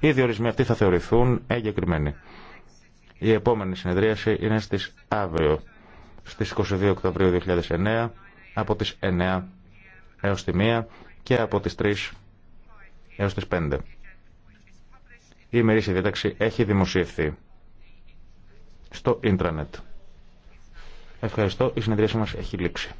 οι διορισμοί αυτοί θα θεωρηθούν εγκεκριμένοι. Η επόμενη συνεδρίαση είναι στις αύριο, στις 22 Οκτωβρίου 2009, από τις 9 έως τη 1 και από τις 3 έως τις 5. Η ημερήσια διάταξη έχει δημοσιευθεί στο ίντρανετ. Ευχαριστώ. Η συνεδρίαση μας έχει λήξει.